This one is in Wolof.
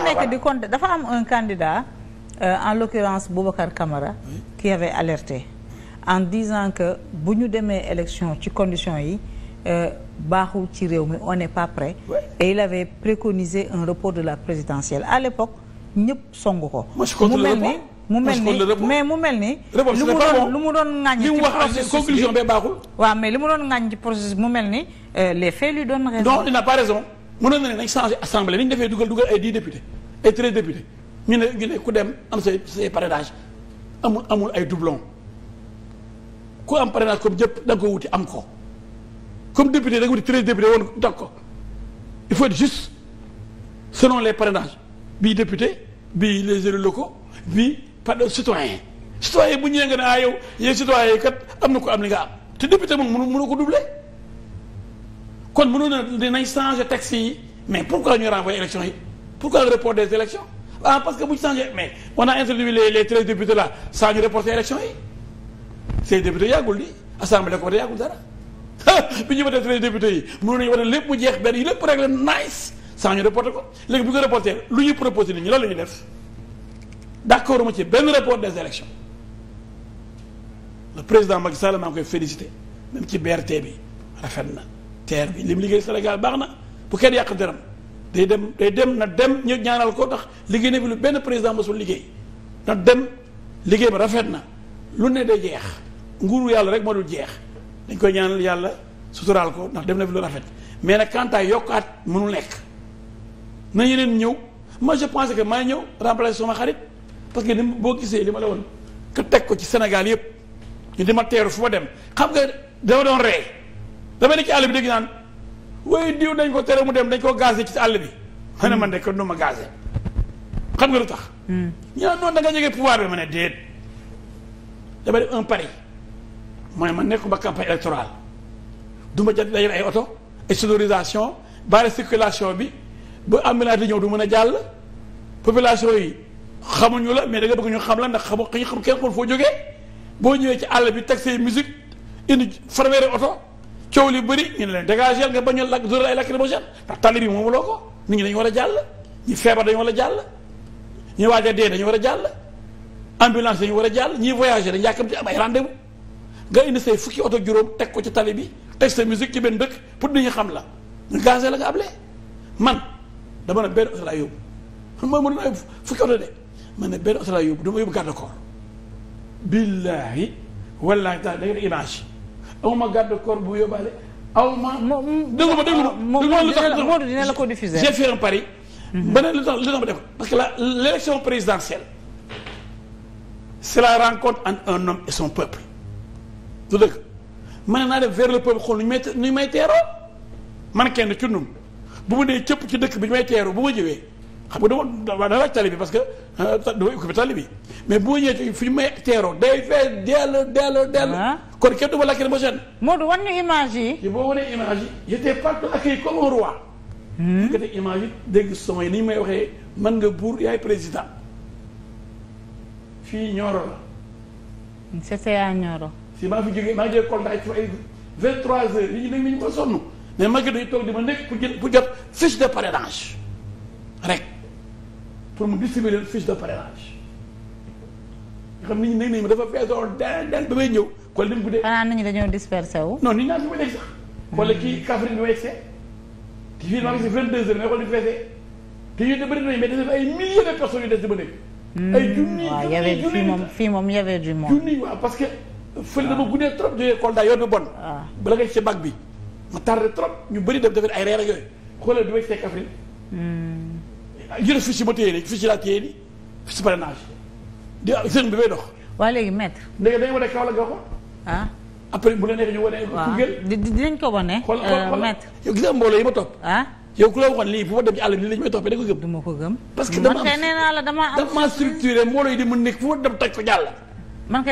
nga nekk di compte dafa am un candidat euh, en l'occurrence Boubacar Camara oui. qui avait alerté en disant que bu ñu demee élection ci conditions yi euh, baaxul ci réew mi on ne pas prêt oui. et il avait préconisé un report de la présidentielle à l'époque ñëpp song ko mu mel ni mu mel ni mais mu mel ni lu mu doon lu mu doon ŋàññ ci processus conclusion bee baaxul mais li mu doon ŋàññ ci processus mu mel ni euh, les faits lui doon raison non il n'a pas raison mënoon ne nañ changé assemblée ni ñu defee dugal dugal ay dix députés ay treize députés ñu ne ñu ne ku dem am say say parrainage amul amul ay doublon ku am parrainage comme jëpp da nga ko wuti am ko comme député da nga wuti treize députés woon dag ko il faut être juste selon les parrainages bii député bii les élus locaux bii par citoyen citoyen bu ñëwee nga ne ah yow yéen citoyen kat am na ko am li nga am te député moom mënu mënu ko doublé kon mënoon a dinañ changer texte yi mais pourquoi ñu renvoyer élection yi pourquoi le report des élections ah, parce que bu ñu changé mais on a introduit les les treize députés là sans ñu reporter élection yi ces députés yàggul di assemblée ko de yàggul dara bi ñu lépp mu jeex benn yi lépp réglé nice sans ñu reporter ko léegi bu ñu ko reporter lu ñu proposé nit ñi loolu la ñu def d'accord ma ci benn report des élections le président Macky Sall maa ngi koy félicité même ci BRT bi rafet na terre bi li mu liggéey Sénégal baax na bu kenn yàq deram day dem day dem na dem ñu ñaanal ko ndax liggéey na bi lu benn président mosul liggéey na dem liggéey ba rafet na lu ne day jeex nguuru yàlla rek moo dul jeex dañ koy ñaanal yàlla suturaal ko ndax dem na fi lu rafet mais nag quant à yokkaat mënul nekk na yeneen ñëw ma je pense que may ñëw remplacer sama xarit parce que ni boo gisee li ma la woon que teg ko ci Sénégal yëpp ñu di ma teeru fu ma dem xam nga dama doon ree dama ne ci àll bi dégg naan waaye diw dañ ko tere mu dem dañ ko gazé ci àll bi ma ne man de du ma xam nga lu tax hmm. ñu naan noonu da nga jege pouvoir bi ma ne déet dama def un pari mooy man nekku ba campagne électorale du ma jot dajal ay oto ay sonorisation bari circulation bi ba ambulance di ñëw du mën a jàll population yi xamuñu la mais da nga ñu xam la ndax xamu xañ xam kenn xool foo jógee boo ñëwee ci àll bi teg say musique indi farweere oto coow li bëri ñu ne leen dégagé nga bañ a lakk dóor ay lacrymogène ndax tali bi moomu loo ko nit ñi dañu war a jàll ñi feebar dañu war a jàll ñi waaj a dee dañu war a jàll ambulance dañu war a jàll ñi voyagé dañu yàkkamti am ay rendez-vous nga indi say fukki oto juróom teg ko ci tali bi teg sa musique ci benn dëkk pour nit ñi xam la ñu gazé la nga able man dama ne benn oto laa yóbbu man ma doon ay fukki oto de man ne benn oto laa yóbbu dama yóbbu garde corps billaahi wallaahi taala da nga image aw ma garde corps bu yóbbaale aw ma. moom déglu ma déglu ma déglu ma dina la ko diffuser. j'ai fait un mhm. lu tax lu tax l' élection présidentielle est la rencontre entre un naa def vers le peuple xool nu ñu may nu ñu teeroo man kenn cundum bu mu dee cëpp ci dëkk bi ñu may teeroo bu ma ñëwee xam nga dama dama laaj tali bi parce que euh, dama occupé tali bi. mais boo ñëwee tey fu ñu may teeroo day fee dellu dellu dellu. Ah. kon kenn du ma moo Modou wan ñu image yi. te boo wanee image yi part partout accueilli comme un roi. nga hmm. teg image yi dégg son yi ni ñu may waxee man nga buur yaay président. fii Nioro la. CCA Nioro. si maa fi jógee maa ngi jógee Kolda ci ay 23h nit ñi dañu ñu ko sonn mais mag yi day toog di ma nekk pour jël pour jot fiche de parrainage rek pour mu distribuer leen fiche de parrainage. nga xam nit ñi nañ ma dafa feesoon daan daan ba may ñëw kon li mu guddee. xanaa nit ñi dañoo dispersé wu. non nit ñaa ngi fi hmm. may xool li mu feesee. te yéen a de personnes di ba nekk. Hmm. ay junni fii moom fii moom y avait du junni waaw parce que. fële dama ah. guddee trop jógee Kolda yoon bi bon. Ah. bala nga ci bag bi. mu tardé trop ñu bëri def defar ay reer ak yooyu xoolal bi may see Kaffrine. yéen hmm. a fiche yi ma téye rek fiche yi laa téye nii fiche parrainage di ah, sëñ bi bay dox. waa léegi maître. léegi dañu wane Kaolack nga ko. ah. après bu la neexee ñu wane. Koungheul di dinañ ko wane. Euh, maître xoolal yow gis nga mbooloo yi ma topp. ah yow ku la waxoon lii bu ma dem àll bi lii la may toppee da nga ko gëm. ko gëm. parce que dama am man kay nee naa la dama am. mbooloo yi di mën nekk fu ma dem toj ko jàll.